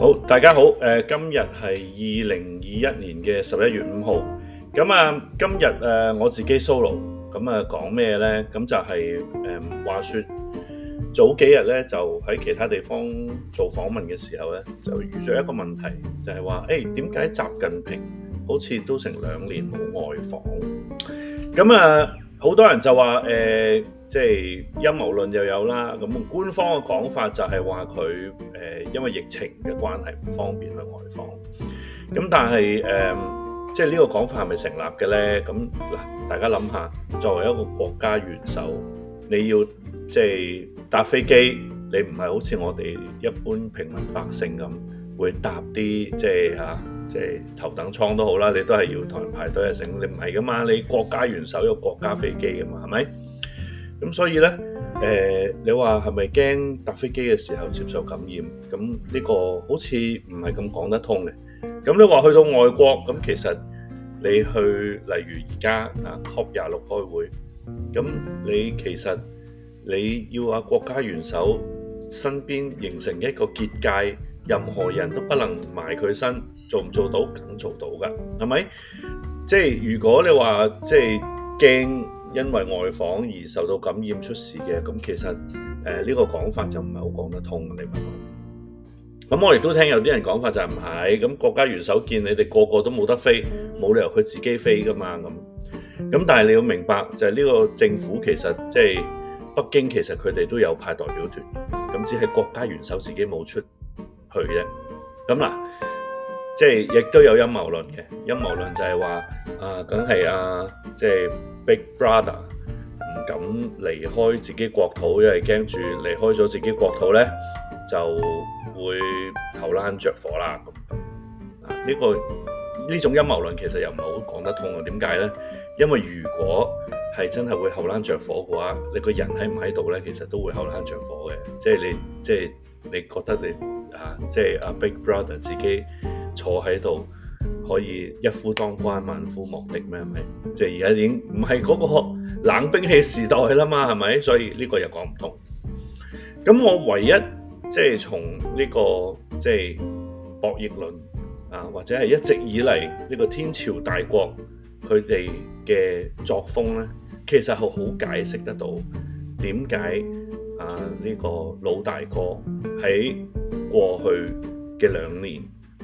好，大家好。誒，今日係二零二一年嘅十一月五號。咁啊，今日誒我自己 solo。咁啊，講咩呢？咁就係，誒，話說早幾日呢，就喺其他地方做訪問嘅時候呢，就遇咗一個問題，就係話，誒，點解習近平好似都成兩年冇外訪？咁啊，好多人就話誒。欸即係陰謀論又有啦，咁官方嘅講法就係話佢，誒，因為疫情嘅關係唔方便去外訪。咁但係誒，即係呢個講法係咪成立嘅呢？咁嗱，大家諗下，作為一個國家元首，你要即係搭飛機，你唔係好似我哋一般平民百姓咁，會搭啲即係嚇即係頭等艙都好啦，你都係要同人排隊嘅成，你唔係㗎嘛？你國家元首有國家飛機㗎嘛？係咪？咁所以呢，誒，你話係咪驚搭飛機嘅時候接受感染？咁呢個好似唔係咁講得通嘅。咁你話去到外國，咁其實你去，例如而家啊，COP 廿六開會，咁你其實你要啊國家元首身邊形成一個結界，任何人都不能埋佢身，做唔做到？梗做到噶，係咪？即係如果你話即係驚。因為外訪而受到感染出事嘅，咁其實誒呢、呃這個講法就唔係好講得通。你明，咁我亦都聽有啲人講法就係唔係咁，國家元首見你哋個個都冇得飛，冇理由佢自己飛㗎嘛咁。咁但係你要明白就係、是、呢個政府其實即係、就是、北京，其實佢哋都有派代表團，咁只係國家元首自己冇出去嘅。咁嗱。啊即係亦都有陰謀論嘅陰謀論就係話啊，梗係啊，即係 Big Brother 唔敢離開自己國土，因為驚住離開咗自己國土咧就會後欄着火啦。咁啊，呢個呢種陰謀論其實又唔係好講得通嘅。點解咧？因為如果係真係會後欄着火嘅話，你個人喺唔喺度咧，其實都會後欄着火嘅。即係你即係你覺得你啊，即係啊 Big Brother 自己。坐喺度可以一夫當關萬夫莫敵咩？係咪？即係而家已經唔係嗰個冷兵器時代啦嘛？係咪？所以呢個又講唔通。咁我唯一即係、就是、從呢、這個即係博弈論啊，或者係一直以嚟呢、這個天朝大國佢哋嘅作風咧，其實好好解釋得到點解啊，呢、這個老大哥喺過去嘅兩年，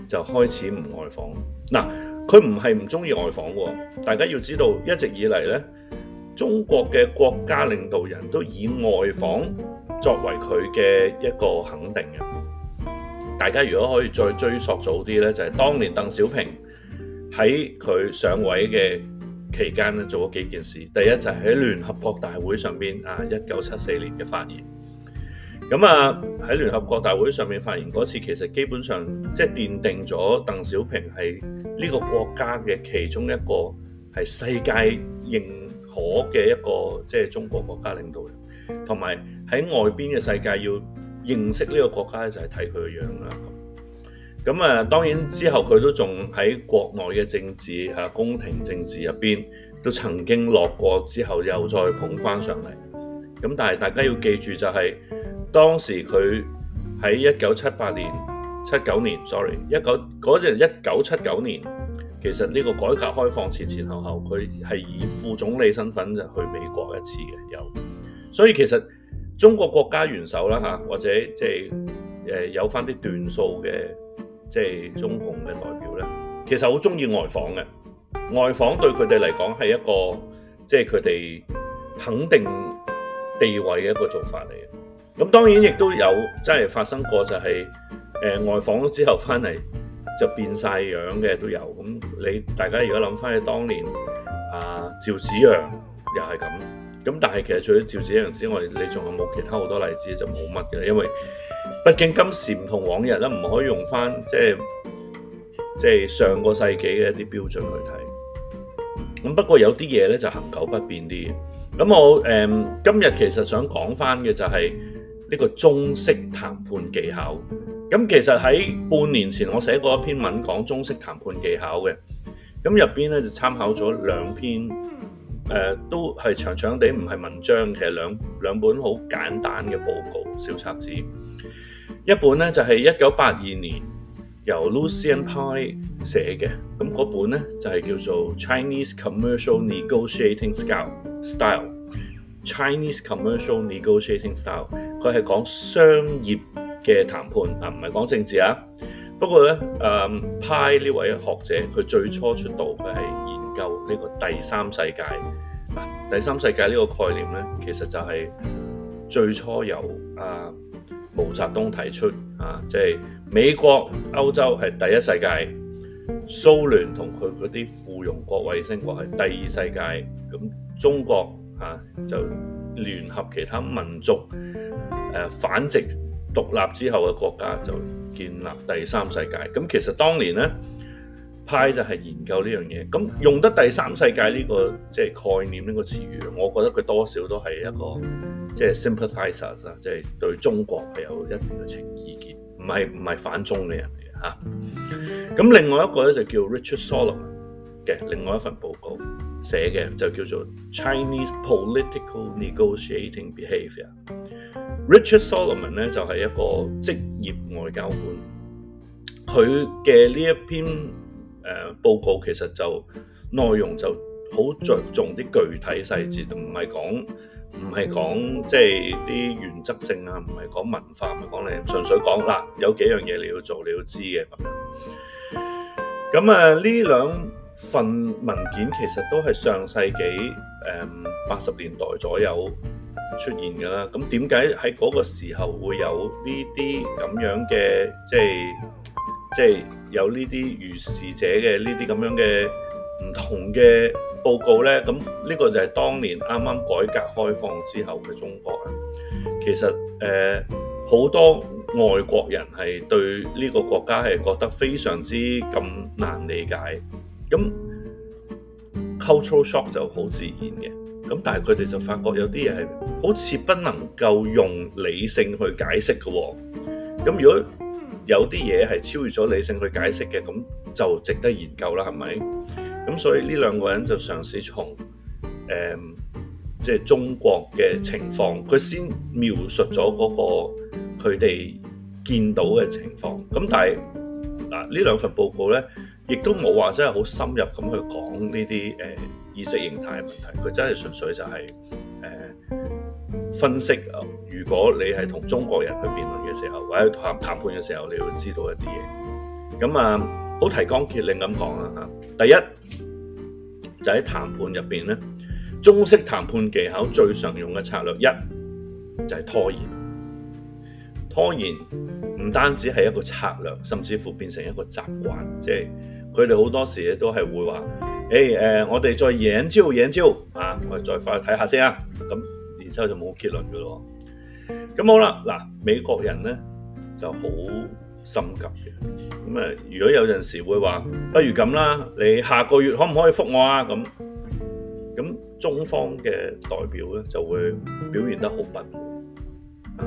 就開始唔外訪。嗱，佢唔係唔鍾意外訪喎。大家要知道，一直以嚟呢，中國嘅國家領導人都以外訪作為佢嘅一個肯定。大家如果可以再追溯早啲呢，就係當年鄧小平喺佢上位嘅期間做咗幾件事。第一就係喺聯合國大會上面，啊，一九七四年嘅發言。咁啊！喺聯合國大會上面發言嗰次，其實基本上即係、就是、奠定咗鄧小平係呢個國家嘅其中一個係世界認可嘅一個即係、就是、中國國家領導人，同埋喺外邊嘅世界要認識呢個國家咧，就係睇佢嘅樣啦。咁啊，當然之後佢都仲喺國內嘅政治吓宮廷政治入邊都曾經落過，之後又再捧翻上嚟。咁但係大家要記住就係、是。當時佢喺一九七八年、七九年，sorry，一九，嗰陣一九七九年，其實呢個改革開放前前後後，佢係以副總理身份去美國一次嘅，有。所以其實中國國家元首啦，或者即係有返啲段數嘅即係中共嘅代表呢，其實好鍾意外訪嘅。外訪對佢哋嚟講係一個即係佢哋肯定地位嘅一個做法嚟。咁當然亦都有，真係發生過就係、是呃、外訪咗之後翻嚟就變晒樣嘅都有。咁你大家如果諗翻起當年啊，趙紫陽又係咁。咁但係其實除咗趙紫陽之外，你仲有冇其他好多例子就冇乜嘅，因為畢竟今時唔同往日啦，唔可以用翻即係即係上個世紀嘅一啲標準去睇。咁不過有啲嘢咧就恆久不變啲。咁我、嗯、今日其實想講翻嘅就係、是。呢個中式談判技巧，咁其實喺半年前我寫過一篇文講中式談判技巧嘅，咁入邊咧就參考咗兩篇，誒、呃、都係長長地唔係文章，其實兩兩本好簡單嘅報告小冊子，一本咧就係一九八二年由 Lucian Pye 寫嘅，咁嗰本咧就係、是、叫做 Chinese Commercial Negotiating Scout Style。Chinese commercial negotiating style，佢係講商業嘅談判啊，唔係講政治啊。不過呢，誒派呢位學者，佢最初出道佢係研究呢個第三世界。啊、第三世界呢個概念呢，其實就係最初由啊毛澤東提出啊，即係美國、歐洲係第一世界，蘇聯同佢嗰啲附庸國、衛星國係第二世界，咁中國。啊、就聯合其他民族、啊、反殖獨立之後嘅國家就建立第三世界。咁其實當年咧派就係研究呢樣嘢。咁用得第三世界呢、呢個即係、即係、概念呢個詞語，我覺得佢多少都係一個即係 sympathizers 啊，即、即、係、係、對中國係有一定嘅情意結，唔係唔係反中嘅人嚟嘅。咁另外一個咧就叫 Richard Solomon 嘅另外一份報告。寫嘅就叫做 Chinese Political Negotiating Behavior Richard Solomon 咧就係一個職業外交官，佢嘅呢一篇誒報告其實就內容就好着重啲具體細節，唔係講唔係講即係啲原則性啊，唔係講文化，唔係講你純粹講嗱有幾樣嘢你要做，你要知嘅咁樣。咁啊呢兩。份文件其實都係上世紀誒八十年代左右出現㗎啦。咁點解喺嗰個時候會有呢啲咁樣嘅，即係即係有呢啲如是者嘅呢啲咁樣嘅唔同嘅報告呢？咁呢個就係當年啱啱改革開放之後嘅中國啊。其實誒好、呃、多外國人係對呢個國家係覺得非常之咁難理解。咁 cultural shock 就好自然嘅，咁但係佢哋就發覺有啲嘢係好似不能夠用理性去解釋嘅，哦，咁如果有啲嘢係超越咗理性去解釋嘅，咁就值得研究啦，係咪？咁所以呢兩個人就嘗試從誒即係中國嘅情況，佢先描述咗嗰個佢哋見到嘅情況，咁但係嗱呢兩份報告咧。亦都冇話真係好深入咁去講呢啲誒意識形態嘅問題，佢真係純粹就係誒分析啊。如果你係同中國人去辯論嘅時候，或者談談判嘅時候，你要知道一啲嘢。咁啊，好提綱挈領咁講啊嚇。第一就喺談判入邊咧，中式談判技巧最常用嘅策略一就係拖延。拖延唔單止係一個策略，甚至乎變成一個習慣，即係。佢哋好多時候都係會話，誒、hey, uh, 我哋再研究研究啊！Uh, 我哋再翻去睇下先啊，咁然之後就冇結論噶咯。咁好啦，嗱，美國人呢就好心急嘅，咁啊，如果有陣時會話，不如咁啦，你下個月可唔可以覆我啊？咁咁中方嘅代表呢就會表現得好不滿、啊，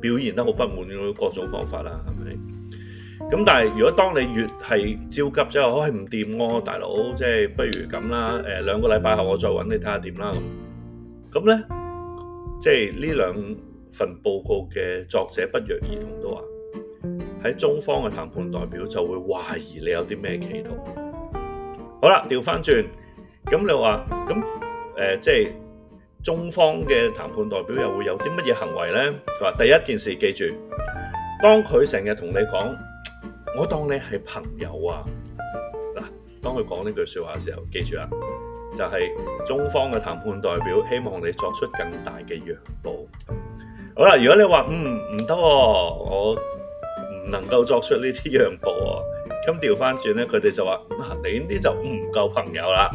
表現得好不滿嘅各種方法啦，係咪？咁但係，如果當你越係焦急之後，可係唔掂咯，大佬即係不如咁啦。誒，兩個禮拜後，我再揾你睇下點啦。咁咁咧，即係呢兩份報告嘅作者不約而同都話，喺中方嘅談判代表就會懷疑你有啲咩企圖。好啦，調返轉。咁你話，咁誒，即係中方嘅談判代表又會有啲乜嘢行為呢？佢話第一件事記住，當佢成日同你講。我當你係朋友啊，嗱，當佢講呢句說話嘅時候，記住啊，就係、是、中方嘅談判代表希望你作出更大嘅讓步。好啦，如果你話嗯，唔得，哦，我唔能夠作出呢啲讓步啊，哦，咁調翻轉咧，佢哋就話，嗱，你呢啲就唔夠朋友啦。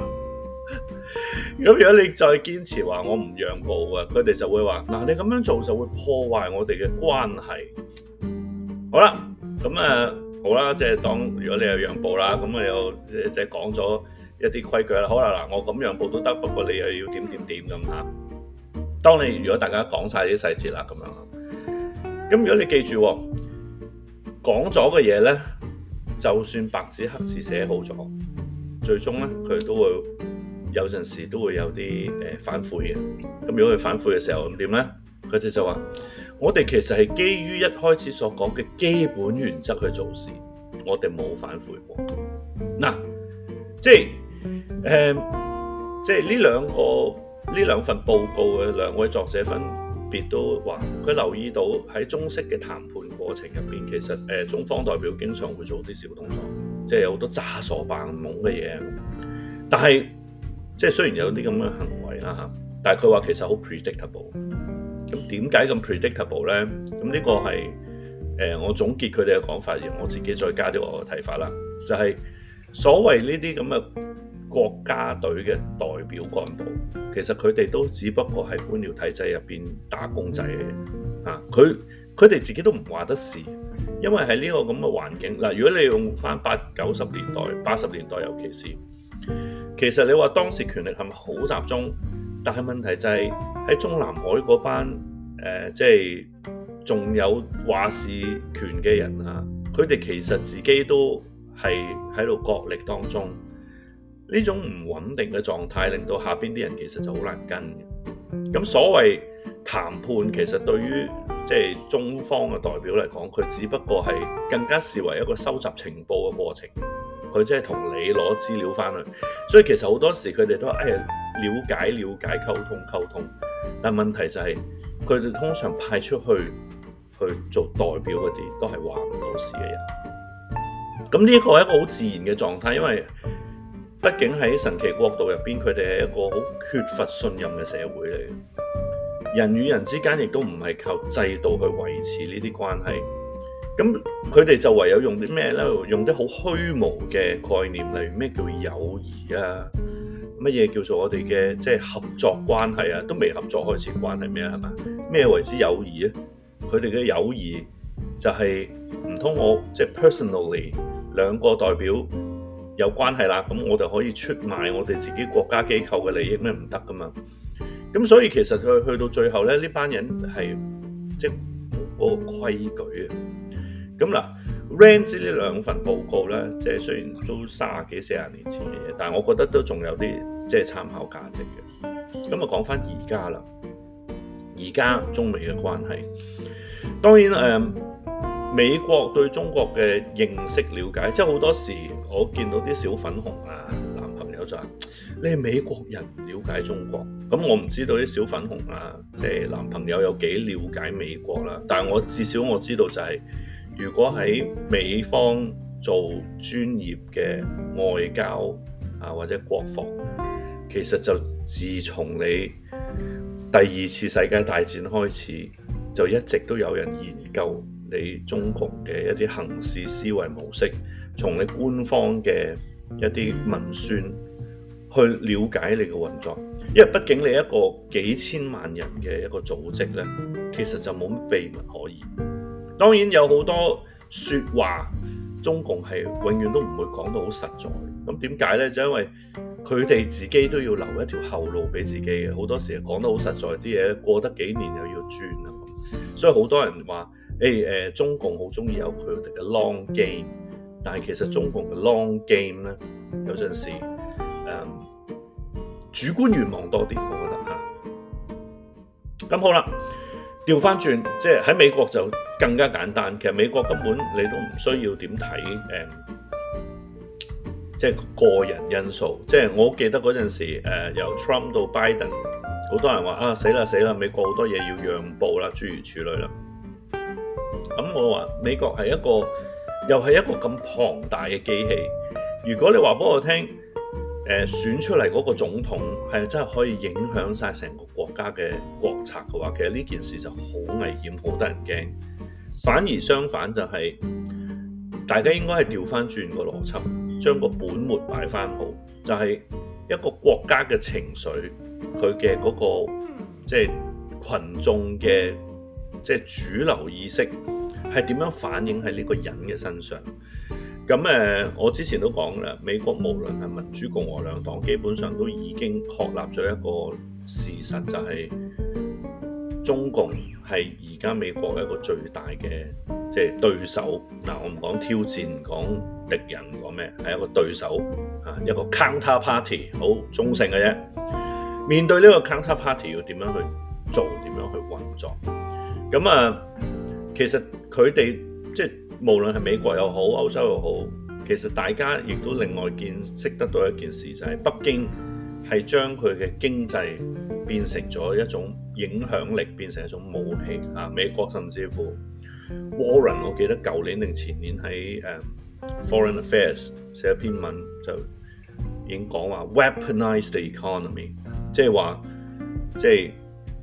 咁如果你再堅持話我唔讓步啊，佢哋就會話，嗱，你咁樣做就會破壞我哋嘅關係。好啦，咁啊。呃好啦，即係當如果你有讓步啦，咁啊又即係講咗一啲規矩啦。好啦，嗱，我咁讓步都得，不過你又要點點點咁嚇。當你如果大家講晒啲細節啦，咁樣，咁如果你記住講咗嘅嘢咧，就算白紙黑字寫好咗，最終咧佢都，都會有陣時都會有啲誒反悔嘅。咁如果佢反悔嘅時候，咁點咧？佢哋就話。我哋其實係基於一開始所講嘅基本原則去做事，我哋冇反悔過。嗱、啊，即係誒、呃，即係呢兩個呢兩份報告嘅兩位作者分別都話，佢留意到喺中式嘅談判過程入邊，其實誒、呃、中方代表經常會做啲小動作，即係有好多詐傻扮懵嘅嘢。但係即係雖然有啲咁嘅行為啦嚇、啊，但係佢話其實好 predictable。咁點解咁 predictable 咧？咁呢個係誒、呃、我總結佢哋嘅講法，而我自己再加啲我嘅睇法啦。就係、是、所謂呢啲咁嘅國家隊嘅代表幹部，其實佢哋都只不過係官僚體制入邊打工仔嘅啊！佢、佢哋自己都唔話得事，因為係呢個咁嘅環境嗱、啊。如果你用返八九十年代、八十年代尤其是，其實你話當時權力係咪好集中？但係問題就係、是、喺中南海嗰班誒，即係仲有話事權嘅人啊，佢哋其實自己都係喺度角力當中，呢種唔穩定嘅狀態令到下邊啲人其實就好難跟。咁所謂談判，其實對於即係、就是、中方嘅代表嚟講，佢只不過係更加視為一個收集情報嘅過程。佢即係同你攞資料返去，所以其實好多時佢哋都話：哎，了解、了解，溝通、溝通。但問題就係，佢哋通常派出去去做代表嗰啲，都係話唔到事嘅人。咁呢個係一個好自然嘅狀態，因為畢竟喺神奇國度入邊，佢哋係一個好缺乏信任嘅社會嚟。人與人之間亦都唔係靠制度去維持呢啲關係。咁佢哋就唯有用啲咩咧？用啲好虛無嘅概念，例如咩叫友誼啊？乜嘢叫做我哋嘅即係合作關係啊？都未合作開始關係咩啊？係嘛？咩為之友誼啊？佢哋嘅友誼就係唔通我即係、就是、personally 兩個代表有關係啦，咁我哋可以出賣我哋自己國家機構嘅利益咩？唔得㗎嘛！咁所以其實佢去到最後咧，呢班人係即係嗰個規矩啊。咁啦，Rand 啲呢兩份報告呢，即係雖然都三十幾四十年前嘅嘢，但係我覺得都仲有啲即係參考價值嘅。咁啊，講返而家啦，而家中美嘅關係，當然誒、嗯，美國對中國嘅認識了解，即係好多時我見到啲小粉紅啊，男朋友就話：你係美國人，了解中國。咁我唔知道啲小粉紅啊，即、就、係、是、男朋友有幾了解美國啦、啊。但係我至少我知道就係、是。如果喺美方做專業嘅外交啊，或者國防，其實就自從你第二次世界大戰開始，就一直都有人研究你中共嘅一啲行事思維模式，從你官方嘅一啲文宣去了解你嘅運作，因為畢竟你一個幾千萬人嘅一個組織呢，其實就冇乜秘密可言。當然有好多説話，中共係永遠都唔會講得好實在。咁點解咧？就因為佢哋自己都要留一條後路俾自己嘅。好多時講得好實在啲嘢，過得幾年又要轉啦。所以好多人話，誒、哎、誒、呃，中共好中意有佢哋嘅 long game。但係其實中共嘅 long game 咧，有陣時誒主觀願望多啲，我覺得嚇。咁、啊、好啦。調翻轉，即喺、就是、美國就更加簡單。其實美國根本你都唔需要點睇誒，即、呃、係、就是、個人因素。即、就、係、是、我記得嗰陣時候，呃，由 Trump 到 Biden，好多人話，啊死啦死啦，美國好多嘢要讓步啦，諸如此類啦。咁、嗯、我話美國係一個又係一個咁龐大嘅機器。如果你話畀我聽。誒選出嚟嗰個總統係真係可以影響晒成個國家嘅國策嘅話，其實呢件事就好危險、好得人驚。反而相反就係、是，大家應該係調翻轉個邏輯，將個本末擺翻好。就係、是、一個國家嘅情緒，佢嘅嗰個即係、就是、群眾嘅即係主流意識係點樣反映喺呢個人嘅身上。咁我之前都講啦，美國無論係民主共和兩黨，基本上都已經確立咗一個事實，就係中共係而家美國嘅一個最大嘅即係對手。我唔講挑戰，講敵人，講咩係一個對手啊，一個 counter party，好中性嘅啫。面對呢個 counter party，要點樣去做？點樣去運作？咁啊，其實佢哋。即係無論係美國又好，歐洲又好，其實大家亦都另外見識得到一件事，就係北京係將佢嘅經濟變成咗一種影響力，變成一種武器啊。美國甚至乎 Warren，我記得舊年定前年喺誒 Foreign Affairs 寫一篇文就已經講話 Weaponize the economy，即係話即係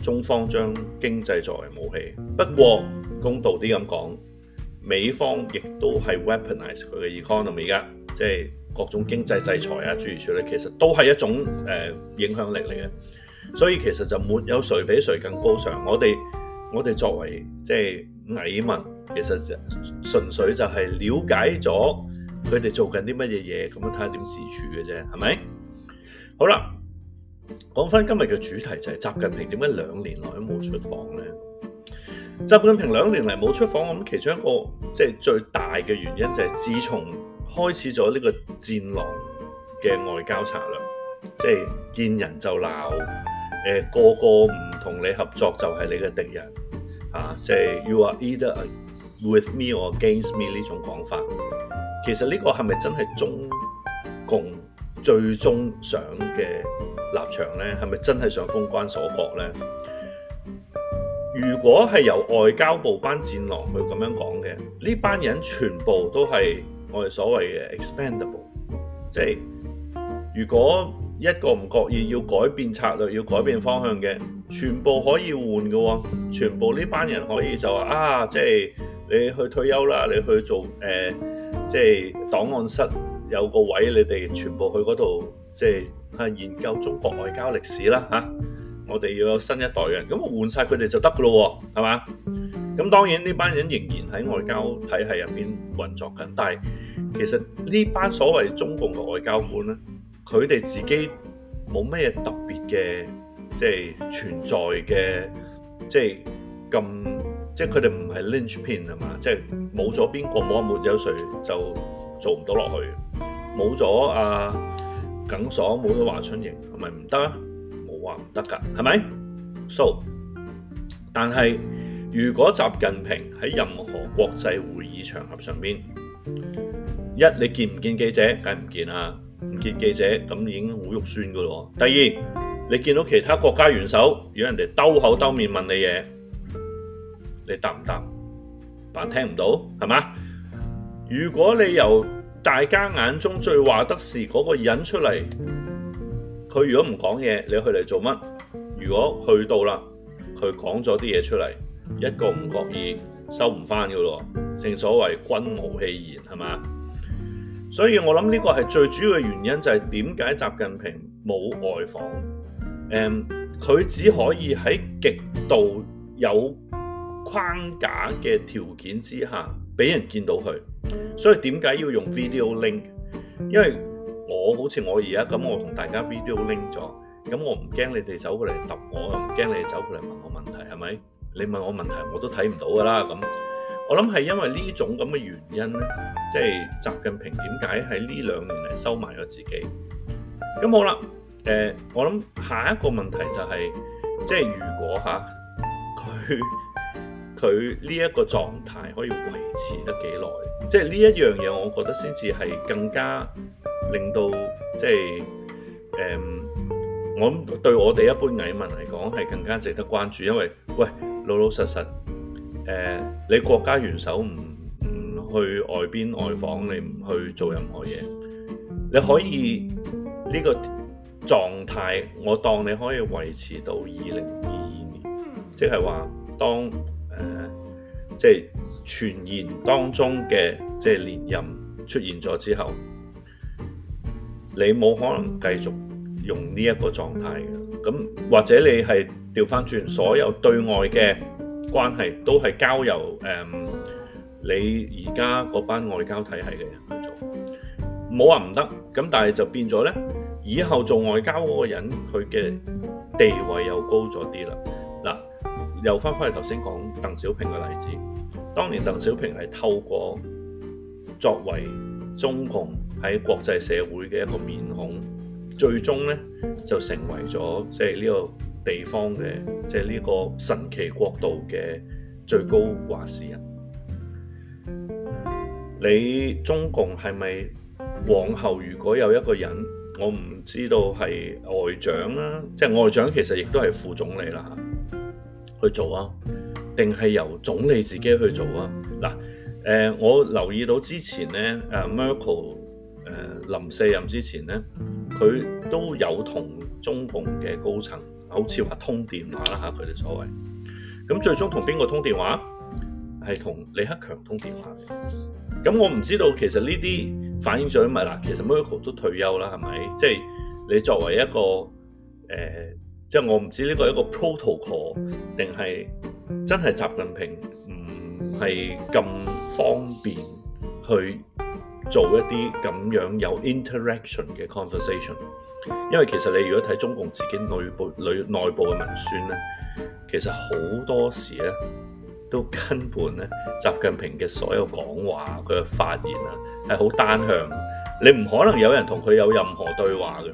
中方將經濟作為武器。不過公道啲咁講。美方亦都係 weaponize 佢嘅 economy 而家，即係各種經濟制裁啊，諸如此類，其實都係一種誒、呃、影響力嚟嘅。所以其實就沒有誰比誰更高尚。我哋我哋作為即係蟻民，其實純粹就係了解咗佢哋做緊啲乜嘢嘢，咁樣睇下點自處嘅啫，係咪？好啦，講翻今日嘅主題就係、是、習近平點解兩年來都冇出訪咧？習近平兩年嚟冇出訪，我諗其中一個即係最大嘅原因就係自從開始咗呢個戰狼嘅外交策略，即係見人就鬧，誒，個個唔同你合作就係你嘅敵人，吓，即係 you are either with me or against me 呢種講法。其實呢個係咪真係中共最終想嘅立場咧？係咪真係想封關鎖國咧？如果係由外交部班戰狼去咁樣講嘅，呢班人全部都係我哋所謂嘅 expandable，即係如果一個唔覺意要改變策略、要改變方向嘅，全部可以換嘅，全部呢班人可以就話啊，即係你去退休啦，你去做誒，即係檔案室有個位，你哋全部去嗰度，即係啊研究中國外交歷史啦嚇。我哋要有新一代嘅人，咁換晒佢哋就得噶咯，係嘛？咁當然呢班人仍然喺外交體系入邊運作緊，但係其實呢班所謂中共嘅外交官咧，佢哋自己冇咩特別嘅，即係存在嘅，即係咁，即係佢哋唔係 Linchpin 係嘛？即係冇咗邊個冇，沒有誰就做唔到落去，冇咗阿耿爽，冇咗華春瑩，係咪唔得啊？唔得噶，係咪？So，但係如果習近平喺任何國際會議場合上邊，一你見唔見記者，梗唔見啦，唔見記者咁已經好肉酸噶咯。第二，你見到其他國家元首，如果人哋兜口兜面問你嘢，你答唔答？扮聽唔到係嘛？如果你由大家眼中最話得事嗰個人出嚟。佢如果唔講嘢，你去嚟做乜？如果去到啦，佢講咗啲嘢出嚟，一個唔覺意收唔翻噶咯，正所謂君無戲言，係嘛？所以我諗呢個係最主要嘅原因，就係點解習近平冇外訪？誒、嗯，佢只可以喺極度有框架嘅條件之下俾人見到佢，所以點解要用 video link？因為我好似我而家咁，我同大家 video 拎咗，咁我唔驚你哋走過嚟揼我，又唔驚你哋走過嚟問我問題，係咪？你問我問題，我都睇唔到噶啦。咁我諗係因為呢種咁嘅原因咧，即係習近平點解喺呢兩年嚟收埋咗自己？咁好啦，誒，我諗下一個問題就係，即係如果嚇佢。佢呢一個狀態可以維持得幾耐？即係呢一樣嘢，我覺得先至係更加令到即係誒、嗯，我對我哋一般蟻民嚟講係更加值得關注。因為喂老老實實誒、呃，你國家元首唔唔去外邊外訪，你唔去做任何嘢，你可以呢個狀態，我當你可以維持到二零二二年，即係話當。誒、呃，即係傳言當中嘅即係連任出現咗之後，你冇可能繼續用呢一個狀態嘅，咁或者你係調翻轉，所有對外嘅關係都係交由誒、呃、你而家嗰班外交體系嘅人去做，冇話唔得，咁但係就變咗咧，以後做外交嗰個人佢嘅地位又高咗啲啦。又翻返去頭先講鄧小平嘅例子，當年鄧小平係透過作為中共喺國際社會嘅一個面孔，最終呢就成為咗即係呢個地方嘅即係呢個神奇國度嘅最高話事人。你中共係咪往後如果有一個人，我唔知道係外長啦，即係外長其實亦都係副總理啦，去做啊？定係由總理自己去做啊？嗱、啊，我留意到之前咧、啊、，Merkel 誒、啊、臨卸任之前咧，佢都有同中共嘅高層，好似話通電話啦，吓，佢哋所謂。咁最終同邊個通電話？係同李克強通電話嘅。咁我唔知道其，其實呢啲反映咗乜啦？其實 Merkel 都退休啦，係咪？即係你作為一個誒。啊即係我唔知呢個一個 protocol 定係真係習近平唔係咁方便去做一啲咁樣有 interaction 嘅 conversation，因為其實你如果睇中共自己內部內部嘅文宣咧，其實好多時咧都根本咧習近平嘅所有講話，佢嘅發言啊係好單向，你唔可能有人同佢有任何對話嘅。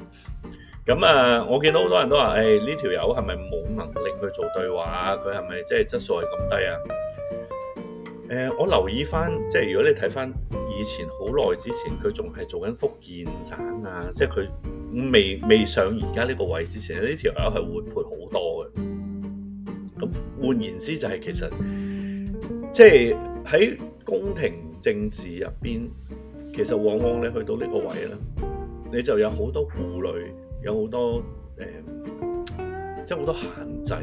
咁啊，我見到好多人都話，誒呢條友係咪冇能力去做對話？佢係咪即係質素係咁低啊？誒、呃，我留意翻，即、就、係、是、如果你睇翻以前好耐之前，佢仲係做緊福建省啊，即係佢未未上而家呢個位之前，呢條友係活潑好多嘅。咁換言之、就是，就係其實即係喺宮廷政治入邊，其實往往你去到呢個位呢，你就有好多顧慮。有好多誒、呃，即係好多限制。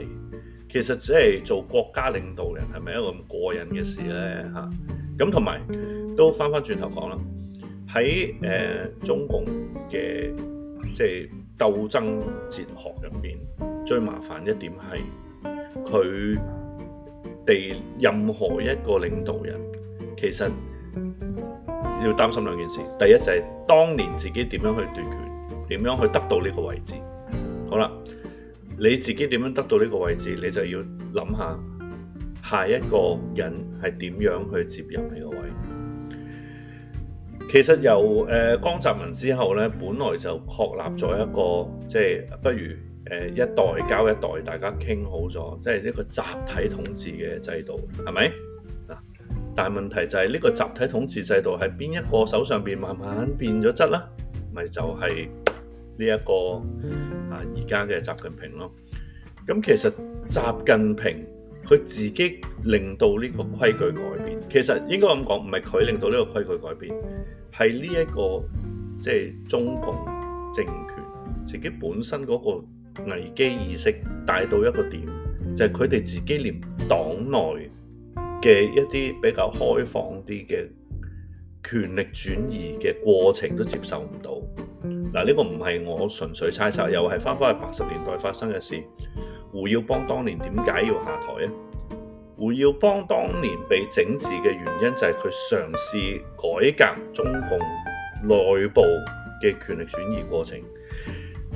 其實只係做國家領導人係咪一個咁過癮嘅事咧？吓、啊，咁同埋都翻翻轉頭講啦。喺誒、呃、中共嘅即係鬥爭哲學入邊，最麻煩一點係佢哋任何一個領導人其實要擔心兩件事。第一就係、是、當年自己點樣去奪權。點樣去得到呢個位置？好啦，你自己點樣得到呢個位置？你就要諗下下一個人係點樣去接任呢個位。其實由誒江澤民之後咧，本來就確立咗一個即係不如誒一代交一代，大家傾好咗，即係一個集體統治嘅制度，係咪嗱？但係問題就係呢個集體統治制度係邊一個手上邊慢慢變咗質啦，咪就係。呢一個啊，而家嘅習近平咯，咁其實習近平佢自己令到呢個規矩改變，其實應該咁講，唔係佢令到呢個規矩改變，係呢一個即係、就是、中共政權自己本身嗰個危機意識帶到一個點，就係佢哋自己連黨內嘅一啲比較開放啲嘅權力轉移嘅過程都接受唔到。嗱，呢個唔係我純粹猜測，又係翻返去八十年代發生嘅事。胡耀邦當年點解要下台呢？胡耀邦當年被整治嘅原因就係佢嘗試改革中共內部嘅權力轉移過程。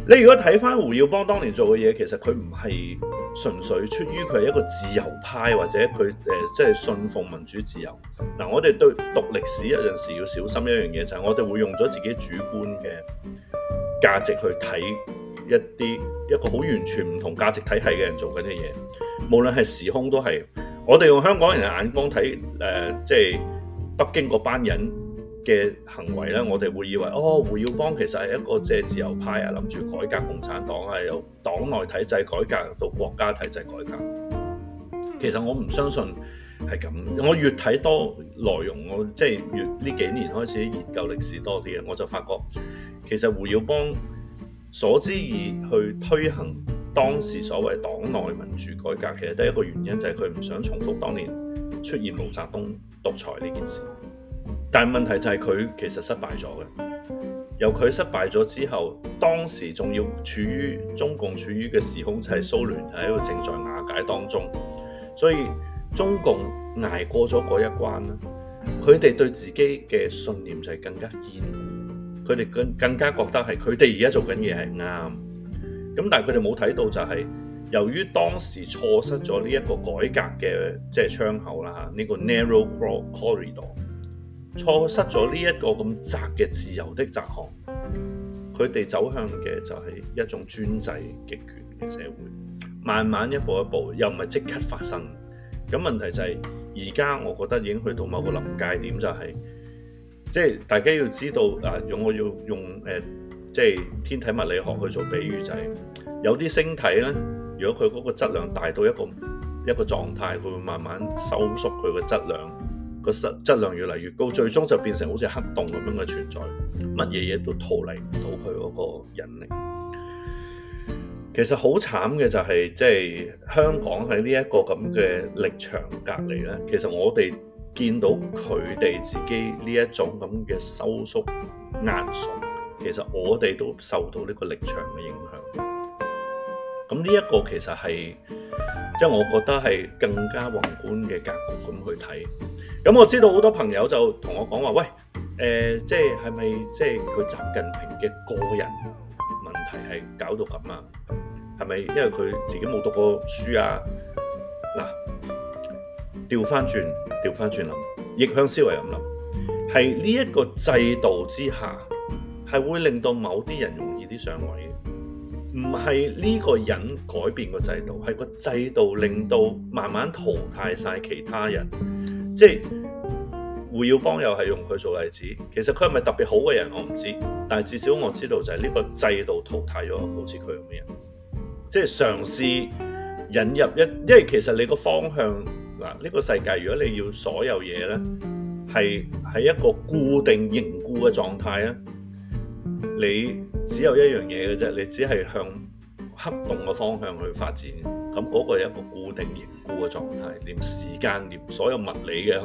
你如果睇翻胡耀邦當年做嘅嘢，其實佢唔係。純粹出於佢係一個自由派，或者佢誒即係信奉民主自由。嗱、啊，我哋對讀歷史有陣時要小心一樣嘢，就係、係、我哋會用咗自己主觀嘅價值去睇一啲一個好完全唔同價值體系嘅人做緊嘅嘢。無論係時空都係，我哋用香港人嘅眼光睇誒，即、呃、係、就係、北京嗰班人，嘅行為咧，我哋會以為哦，胡耀邦其實係一個即係自由派啊，諗住改革共產黨啊，由黨內體制改革到國家體制改革。其實我唔相信係咁。我越睇多內容，我即係越呢幾年開始研究歷史多啲啊，我就發覺其實胡耀邦所之而去推行當時所謂黨內民主改革，其實第一個原因就係佢唔想重複當年出現毛澤東獨裁呢件事。但問題就係佢其實失敗咗嘅，由佢失敗咗之後，當時仲要處於中共處於嘅時空就係蘇聯喺度正在瓦解當中，所以中共捱過咗嗰一關啦，佢哋對自己嘅信念就係更加堅固，佢哋更更加覺得係佢哋而家做緊嘢係啱。咁但係佢哋冇睇到就係、是、由於當時錯失咗呢一個改革嘅、即係、窗口這個呢個 narrow corridor。錯失咗呢一個咁窄嘅自由的窄巷，佢哋走向嘅就係一種專制極權嘅社會。慢慢一步一步，又唔係即刻發生。咁問題就係、是，而家我覺得已經去到某個臨界點、就是，就係即係大家要知道啊！用我要用誒，即、呃、係、就是、天體物理學去做比喻、就是，就係有啲星體咧，如果佢嗰個質量大到一個一個狀態，佢會慢慢收縮佢嘅質量。個質量越嚟越高，最終就變成好似黑洞咁樣嘅存在，乜嘢嘢都逃離唔到佢嗰個引力。其實好慘嘅就係即係香港喺呢一個咁嘅力場隔離咧。其實我哋見到佢哋自己呢一種咁嘅收縮壓縮，其實我哋都受到呢個力場嘅影響。咁呢一個其實係即係我覺得係更加宏觀嘅格局咁去睇。咁、嗯、我知道好多朋友就同我講話，喂，誒、呃，即係係咪即係佢習近平嘅個人問題係搞到咁啊？係咪因為佢自己冇讀過書啊？嗱、啊，調翻轉，調翻轉啦，逆向思維咁啦，係呢一個制度之下，係會令到某啲人容易啲上位嘅，唔係呢個人改變個制度，係個制度令到慢慢淘汰晒其他人。即係胡耀邦又係用佢做例子，其實佢係咪特別好嘅人我唔知，但係至少我知道就係呢個制度淘汰咗，好似佢咁嘅人。即係嘗試引入一，因為其實你個方向嗱，呢、呢個世界如果你要所有嘢咧，係喺一個固定凝固嘅狀態咧，你只有一樣嘢嘅啫，你只係向黑洞嘅方向去發展。咁嗰個係一個固定凝固嘅狀態，連時間、連所有物理嘅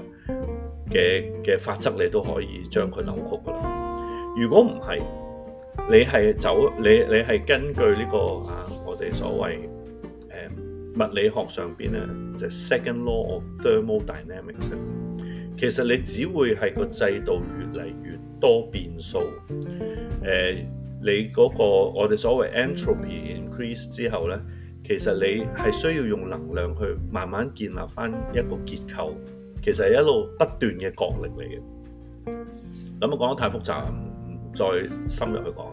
嘅嘅法則，你都可以將佢扭曲噶啦。如果唔係，你係走你你係根據呢、這個啊，我哋所謂誒、啊、物理學上邊咧，就 Second Law of Thermal Dynamics。其實你只會係個制度越嚟越多變數。誒、啊，你嗰、那個我哋所謂 entropy increase 之後咧。其實你係需要用能量去慢慢建立翻一個結構，其實係一路不斷嘅角力嚟嘅。諗下講得太複雜，唔再深入去講。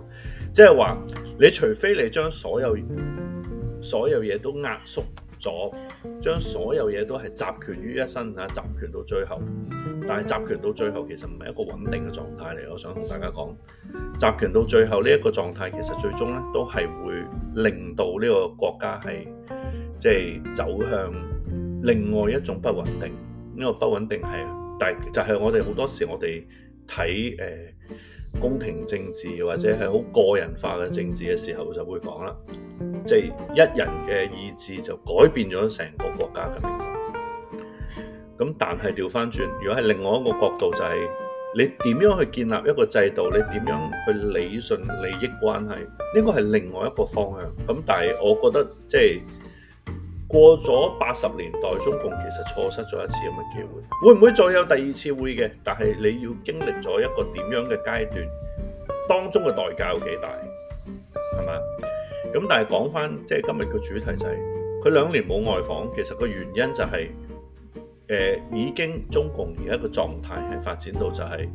即係話，你除非你將所有所有嘢都壓縮。咗，將所有嘢都係集權於一身啊！集權到最後，但係集權到最後其實唔係一個穩定嘅狀態嚟。我想同大家講，集權到最後呢一個狀態，其實最終咧都係會令到呢個國家係即係走向另外一種不穩定。呢個不穩定係，但就係、是、我哋好多時我哋睇誒宮廷政治或者係好個人化嘅政治嘅時候，就會講啦。即係一人嘅意志就改變咗成個國家嘅命運。咁但係掉返轉，如果係另外一個角度，就係你點樣去建立一個制度，你點樣去理順利益關係，呢個係另外一個方向。咁但係我覺得，即係過咗八十年代，中共其實錯失咗一次咁嘅機會。會唔會再有第二次會嘅？但係你要經歷咗一個點樣嘅階段，當中嘅代價有幾大？係嘛？噉但係講返，即係今日個主題就係佢兩年冇外訪，其實個原因就係、是呃、已經中共而家個狀態係發展到就係、是、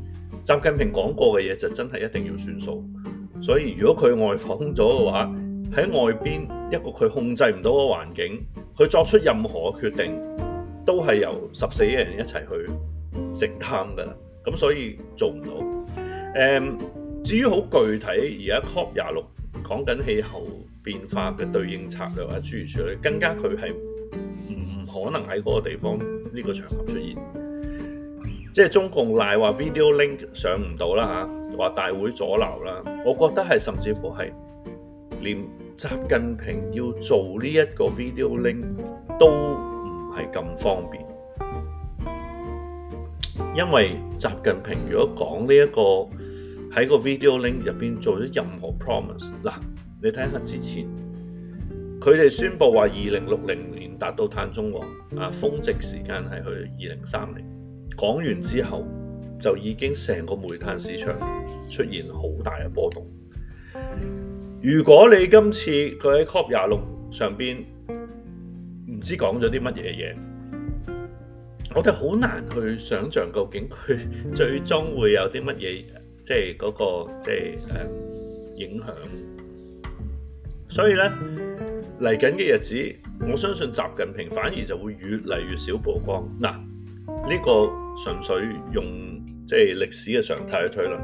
習近平講過嘅嘢就真係一定要算數，所以如果佢外訪咗嘅話，喺外邊一個佢控制唔到嘅環境，佢作出任何決定都係由十四億人一齊去承擔㗎啦，噉所以做唔到。嗯、至於好具體而家 COP 廿六。講緊氣候變化嘅對應策略啊，諸如此類，更加佢係唔可能喺嗰個地方呢個場合出現。即係中共賴話 video link 上唔到啦吓，話大會阻撓啦，我覺得係甚至乎係連習近平要做呢一個 video link 都唔係咁方便，因為習近平如果講呢一個。喺個 video link 入面做咗任何 promise 嗱，你睇下之前佢哋宣布話二零六零年達到碳中和啊，峰值時間係去二零三零。講完之後就已經成個煤炭市場出現好大嘅波動。如果你今次佢喺 COP 廿六上邊唔知講咗啲乜嘢嘢，我哋好難去想像究竟佢最終會有啲乜嘢。即係嗰個即係誒影響，所以咧，嚟緊嘅日子，我相信習近平反而就會越嚟越少曝光。嗱，呢個純粹用即係歷史嘅常態去推論，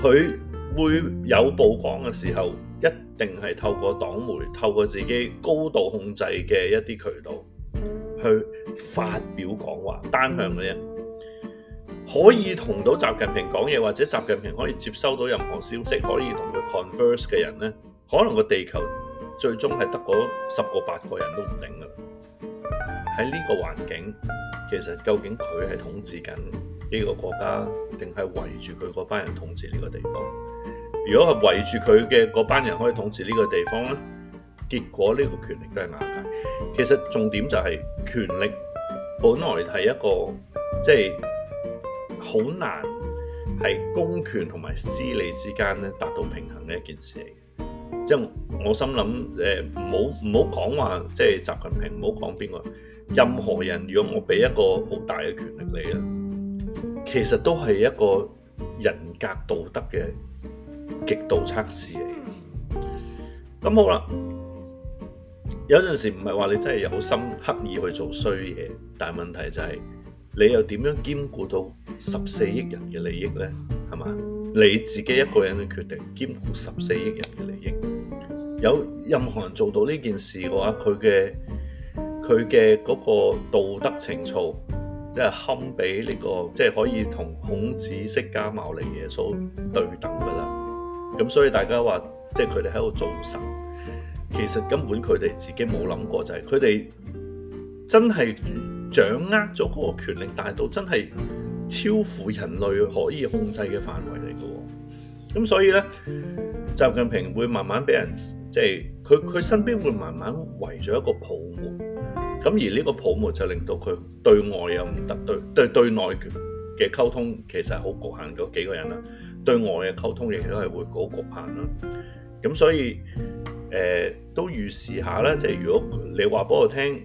佢會有曝光嘅時候，一定係透過黨媒、透過自己高度控制嘅一啲渠道去發表講話，單向嘅啫。可以同到習近平講嘢，或者習近平可以接收到任何消息，可以同佢 converse 嘅人呢？可能個地球最終係得嗰十個八個人都唔定噶。喺呢個環境，其實究竟佢係統治緊呢個國家，定係圍住佢嗰班人統治呢個地方？如果係圍住佢嘅嗰班人可以統治呢個地方呢？結果呢個權力都係硬牌。其實重點就係、是、權力本來係一個即係，就是好難係公權同埋私利之間咧，達到平衡嘅一件事嚟嘅，即係我心諗誒，唔好唔好講話即係習近平，唔好講邊個，任何人如果我俾一個好大嘅權力你咧，其實都係一個人格道德嘅極度測試嚟。咁好啦，有陣時唔係話你真係有心刻意去做衰嘢，但係問題就係。你又點樣兼顧到十四億人嘅利益呢？係嘛？你自己一個人嘅決定兼顧十四億人嘅利益，有任何人做到呢件事嘅話，佢嘅佢嘅嗰個道德情操，即係堪比呢個，即係可以同孔子、釋迦牟尼、耶穌對等噶啦。咁所以大家話，即係佢哋喺度做神，其實根本佢哋自己冇諗過、就是，就係佢哋真係。掌握咗嗰個權力，大到真係超乎人類可以控制嘅範圍嚟㗎喎，咁所以咧，習近平會慢慢俾人，即係佢佢身邊會慢慢圍咗一個泡沫，咁而呢個泡沫就令到佢對外又唔得，對對對內嘅溝通其實係好局限咗幾個人啦，對外嘅溝通亦都係會好局限啦，咁所以誒、呃、都預示下啦。即係如果你話俾我聽。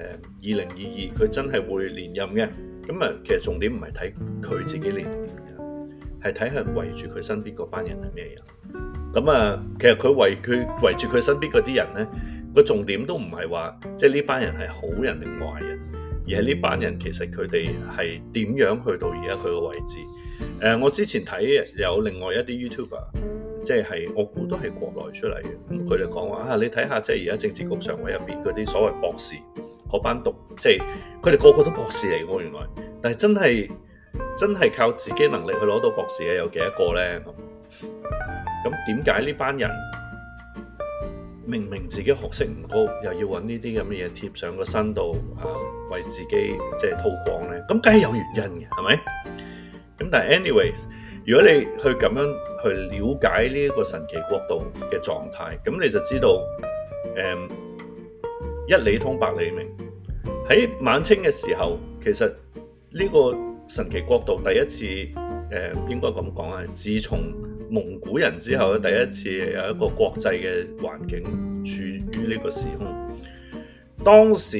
誒二零二二佢真係會連任嘅，咁啊，其實重點唔係睇佢自己連唔連任，係睇係圍住佢身邊嗰班人係咩人。咁啊、就是，其實佢圍佢圍住佢身邊嗰啲人咧，個重點都唔係話即係呢班人係好人定壞人，而係呢班人其實佢哋係點樣去到而家佢個位置。誒，我之前睇有另外一啲 YouTuber，即係我估都係國內出嚟嘅，咁佢哋講話啊，你睇下即係而家政治局常委入邊嗰啲所謂博士。嗰班讀即係佢哋個個都博士嚟喎，原來，但係真係真係靠自己能力去攞到博士嘅有幾多個咧？咁點解呢班人明明自己學識唔高，又要揾呢啲咁嘅嘢貼上個身度啊，為自己即係曝光咧？咁梗係有原因嘅，係咪？咁但係 anyways，如果你去咁樣去了解呢一個神奇國度嘅狀態，咁你就知道誒。一理通百理明，喺晚清嘅時候，其實呢個神奇國度第一次，誒、呃、應該咁講啊，自從蒙古人之後第一次有一個國際嘅環境處於呢個時空。當時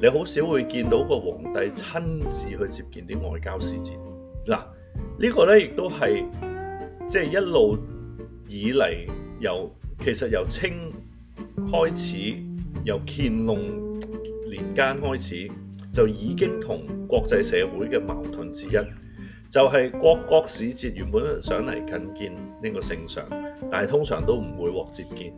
你好少會見到個皇帝親自去接見啲外交使節。嗱，這個、呢個咧亦都係即係一路以嚟由其實由清開始。由乾隆年間開始就已經同國際社會嘅矛盾之一，就係、是、各國使節原本想嚟覲見呢個聖上，但係通常都唔會獲接見，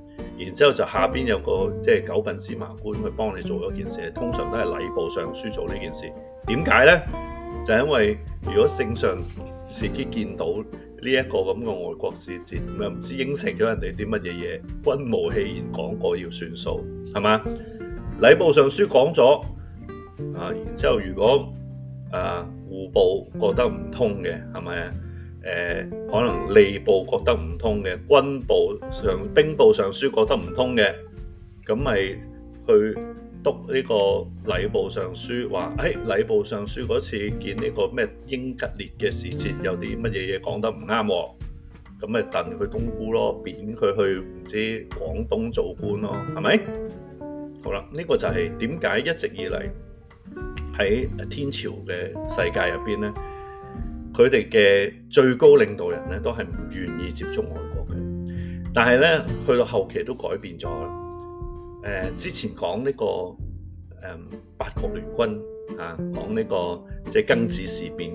然之後就下邊有個即係九品芝麻官去幫你做咗件事，通常都係禮部尚書做呢件事，點解呢？就因為如果聖上自己見到呢一個咁嘅外國使節，咁又唔知應承咗人哋啲乜嘢嘢，君無戲言講過要算數，係嘛？禮部尚書講咗，啊，然之後如果啊戶部覺得唔通嘅，係咪？誒，可能吏部覺得唔通嘅，軍部上兵部尚書覺得唔通嘅，咁咪去。督呢個禮部尚書話，誒禮、哎、部尚書嗰次見呢個咩英吉列嘅使節有啲乜嘢嘢講得唔啱，啊，咁咪彈佢冬菇咯，貶佢去唔知廣東做官咯，係咪？好啦，呢、這個就係點解一直以嚟喺天朝嘅世界入邊咧，佢哋嘅最高領導人咧都係唔願意接觸外國嘅，但係咧去到後期都改變咗。誒、呃、之前講呢、這個誒、嗯、八國聯軍啊，講呢、這個即係、就是、庚子事變。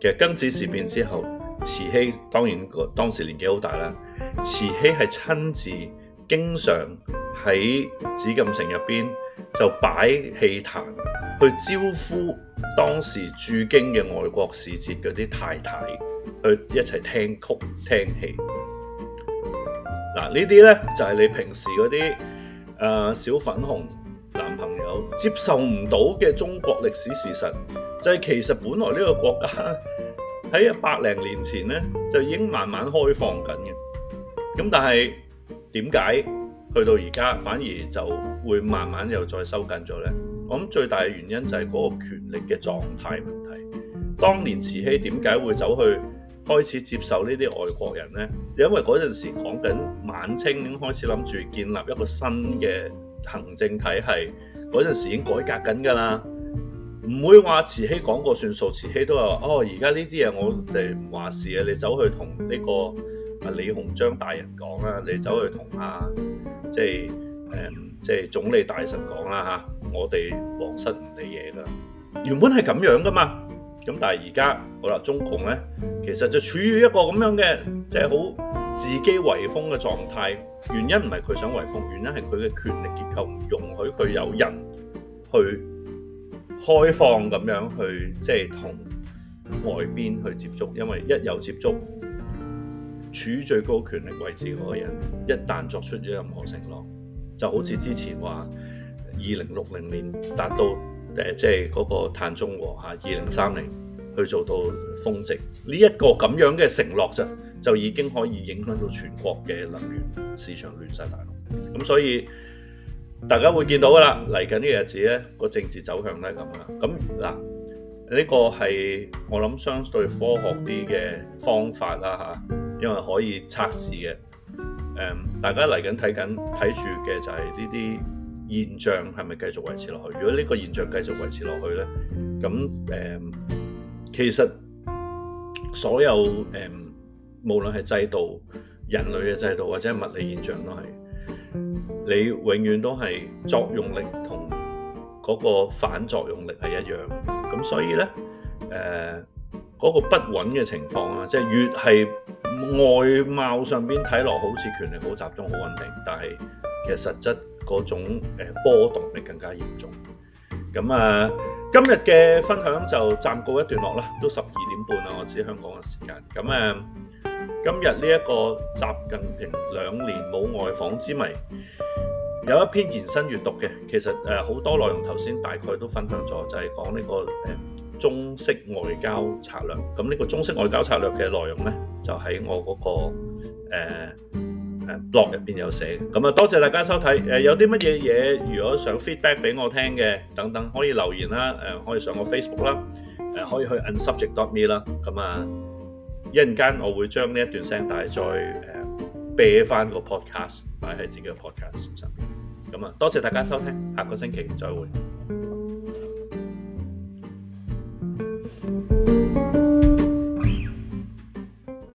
其實庚子事變之後，慈禧當然、這個、當時年紀好大啦。慈禧係親自經常喺紫禁城入邊就擺戲壇，去招呼當時駐京嘅外國使節嗰啲太太去一齊聽曲聽戲。嗱、啊，這些呢啲咧就係、是、你平時嗰啲。誒、uh, 小粉紅男朋友接受唔到嘅中國歷史事實，就係、是、其實本來呢個國家喺一百零年前呢，就已經慢慢開放緊嘅。咁但係點解去到而家反而就會慢慢又再收緊咗呢？我諗最大嘅原因就係嗰個權力嘅狀態問題。當年慈禧點解會走去開始接受呢啲外國人咧，因為嗰陣時講緊晚清已經開始諗住建立一個新嘅行政體系，嗰陣時已經改革緊㗎啦。唔會話慈禧講過算數，慈禧都話：哦，而家呢啲嘢我哋唔話事嘅，你走去同呢個啊李鴻章大人講啦，你走去同啊即係誒即係總理大臣講啦嚇，我哋皇室唔理嘢啦。原本係咁樣噶嘛。咁但係而家好啦，中共咧，其實就處於一個咁樣嘅，即係好自己圍封嘅狀態。原因唔係佢想圍封，原因係佢嘅權力結構唔容許佢有人去開放咁樣去，即係同外邊去接觸。因為一有接觸，處於最高權力位置嗰個人，一旦作出咗任何承諾，就好似之前話二零六零年達到。誒，即係嗰個碳中和嚇，二零三零去做到峰值呢一個咁樣嘅承諾啫，就已經可以影響到全國嘅能源市場亂曬大籠。咁所以大家會見到噶啦，嚟緊嘅日子呢個政治走向咧咁啦。咁嗱，呢個係我諗相對科學啲嘅方法啦嚇，因為可以測試嘅。大家嚟緊睇緊睇住嘅就係呢啲。現象係咪繼續維持落去？如果呢個現象繼續維持落去呢，咁誒、嗯，其實所有誒、嗯，無論係制度、人類嘅制度或者係物理現象都係，你永遠都係作用力同嗰個反作用力係一樣。咁所以呢，誒、嗯、嗰、那個不穩嘅情況啊，即、就、係、是、越係外貌上邊睇落好似權力好集中好穩定，但係其實實質。嗰種誒波動咪更加嚴重，咁啊，今日嘅分享就暫告一段落啦，都十二點半啦，我指香港嘅時間。咁啊，今日呢一個習近平兩年冇外訪之謎，有一篇延伸閱讀嘅，其實誒好多內容頭先大概都分享咗，就係講呢個誒中式外交策略。咁呢個中式外交策略嘅內容呢，就喺我嗰個誒。blog 入邊有寫，咁啊多謝大家收睇，誒有啲乜嘢嘢，如果想 feedback 俾我聽嘅等等，可以留言啦，誒可以上個 Facebook 啦，誒可以去 unsubject.me 啦，咁啊一陣間我會將呢一段聲帶再誒畀返個 podcast 擺喺自己個 podcast 上邊，咁啊多謝大家收聽，下個星期再會。